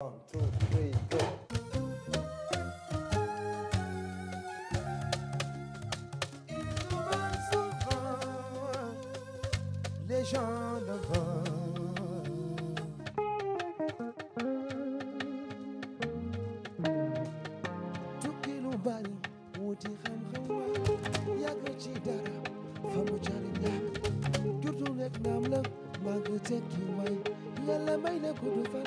One, two, three, go. Les gens devant Tukki lu bari wuti xam-xam yàgg ci dara fa mu jariñ la jurtu rek naam la maa ngi tekki way yàlla may la de fan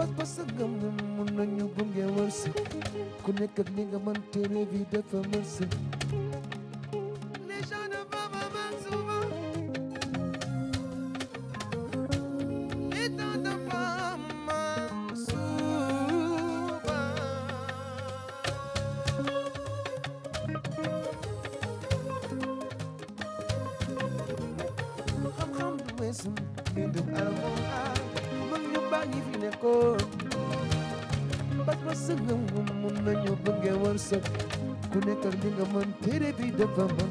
pas-pas ak ngëm-ngëm mën nañu gunge wërsëg ku nekk ak li nga mën tere bi dafa wërsëg Listen, in the album. ñi fi nekkoon bas ba sëngam mun nañu bëgge wërsëg ku nekk ak li nga mën téere bi dafa mën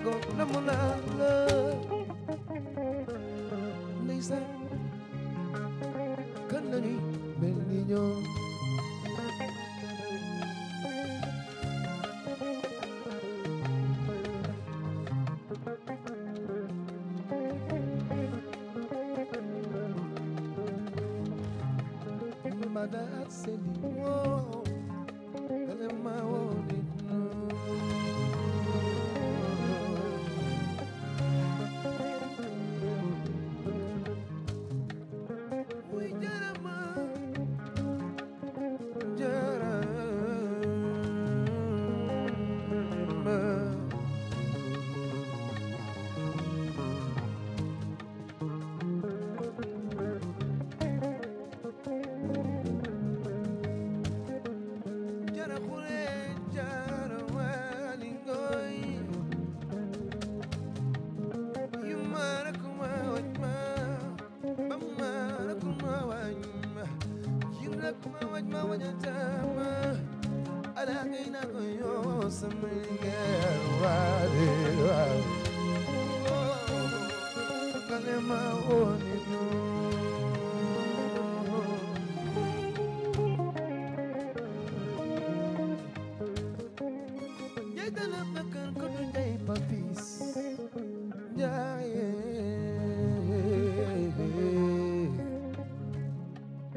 go na mo na la Lisa Kanani bel niño Mada seli, oh, ele mau lakina kuyo samringe wadi wadi kalema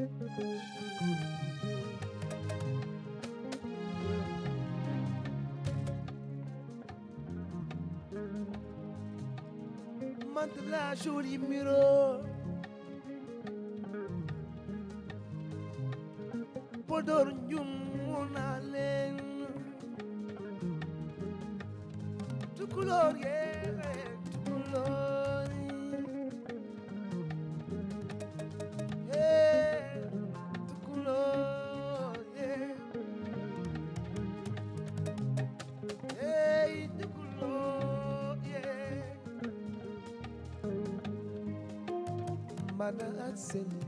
Thank you. de la jolie muro. Pour dormir. bana aseni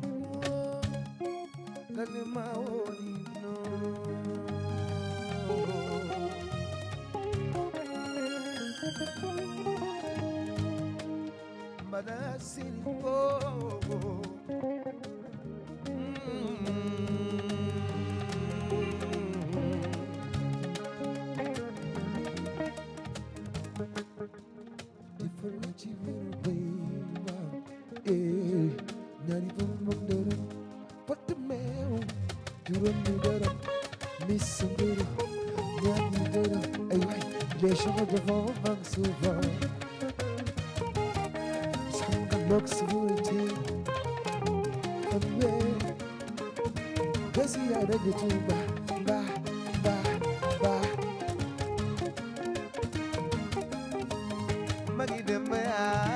gane maoni no bana aseni oh mundurum Patumeu Durum nidarum Missundurum Nyan nidarum Ay way Yeshama devant vang souvent Sanga lok svurti ba Ba Ba Ba Magi demaya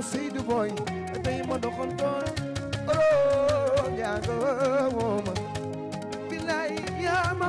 yow Seydou Boy tey ma doxantoon oo yaa nga woo ma bilaay yaa ma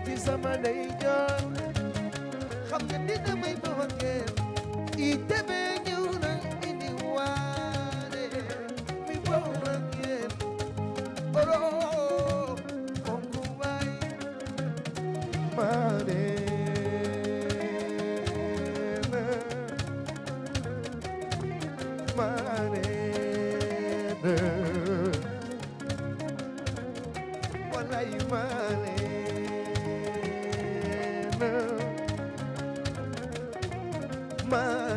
sama ndeyjoor xam nga ni damay bëggee itebe ñëw na indi waane mi bëggee borom konku waay maane na maane na walaay maane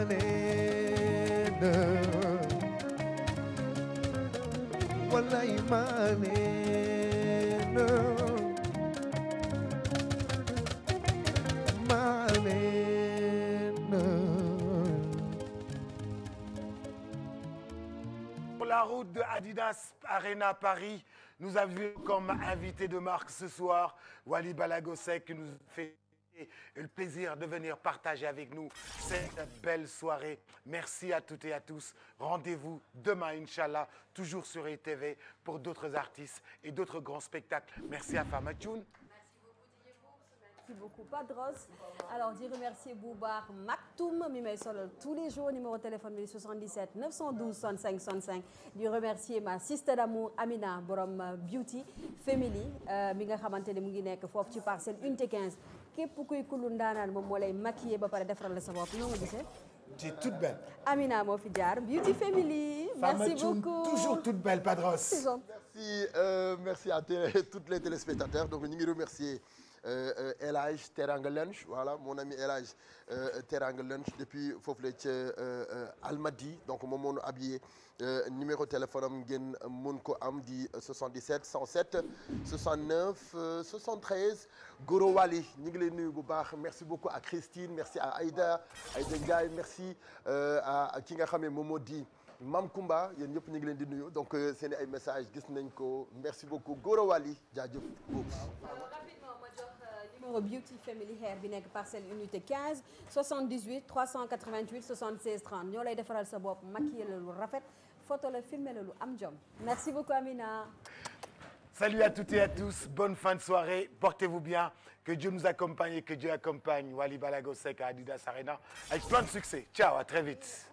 Pour la route de Adidas Arena Paris, nous avions comme invité de marque ce soir Wally Balagosek qui nous fait et le plaisir de venir partager avec nous cette belle soirée. Merci à toutes et à tous. Rendez-vous demain, Inch'Allah, toujours sur ETV pour d'autres artistes et d'autres grands spectacles. Merci à Famatoun. Merci beaucoup, Padros. Alors, dire remercier Boubar Maktoum, Mimel Solol, tous les jours, numéro de téléphone 77 912 65 65. Lui remercier ma sister d'amour, Amina Borom euh, Beauty, Family, euh, Minga Khamante de Munginek, Fof, tu 1 T15 képp kuy kullu ndaanaan moom moo lay maquiller ba pare defaral la sa bopp noo ma gisee. tu es toute belle. Amina moo fi jaar Beauty Family. merci beaucoup toujours toute belle Padros. merci euh, merci à toutes les téléspectateurs donc ñu ngi remercier. Euh, euh, Elage Teranga Lunch voilà mon ami Elage euh, Teranga Lunch depuis Foflet Almadi donc mon moo habillé, numéro téléphone am Amdi 77 107 69 73 Goro Wali merci beaucoup à Christine merci à Aïda Aïda Ndiaye merci à Kinga nga Momo di. Mam Koumba donc c'est un message merci beaucoup Goro Wali numéro Beauty Family Hair bi nek parcelle unité 15 78 388 76 30 ñolay faire le sa pour maquiller le lu rafet photo le filmer lu am jom. merci beaucoup Amina. Salut à toutes et à tous, bonne fin de soirée, portez-vous bien, que Dieu nous accompagne et que Dieu accompagne Waliba Lagosek, à Adidas Arena avec plein de succès. Ciao, à très vite.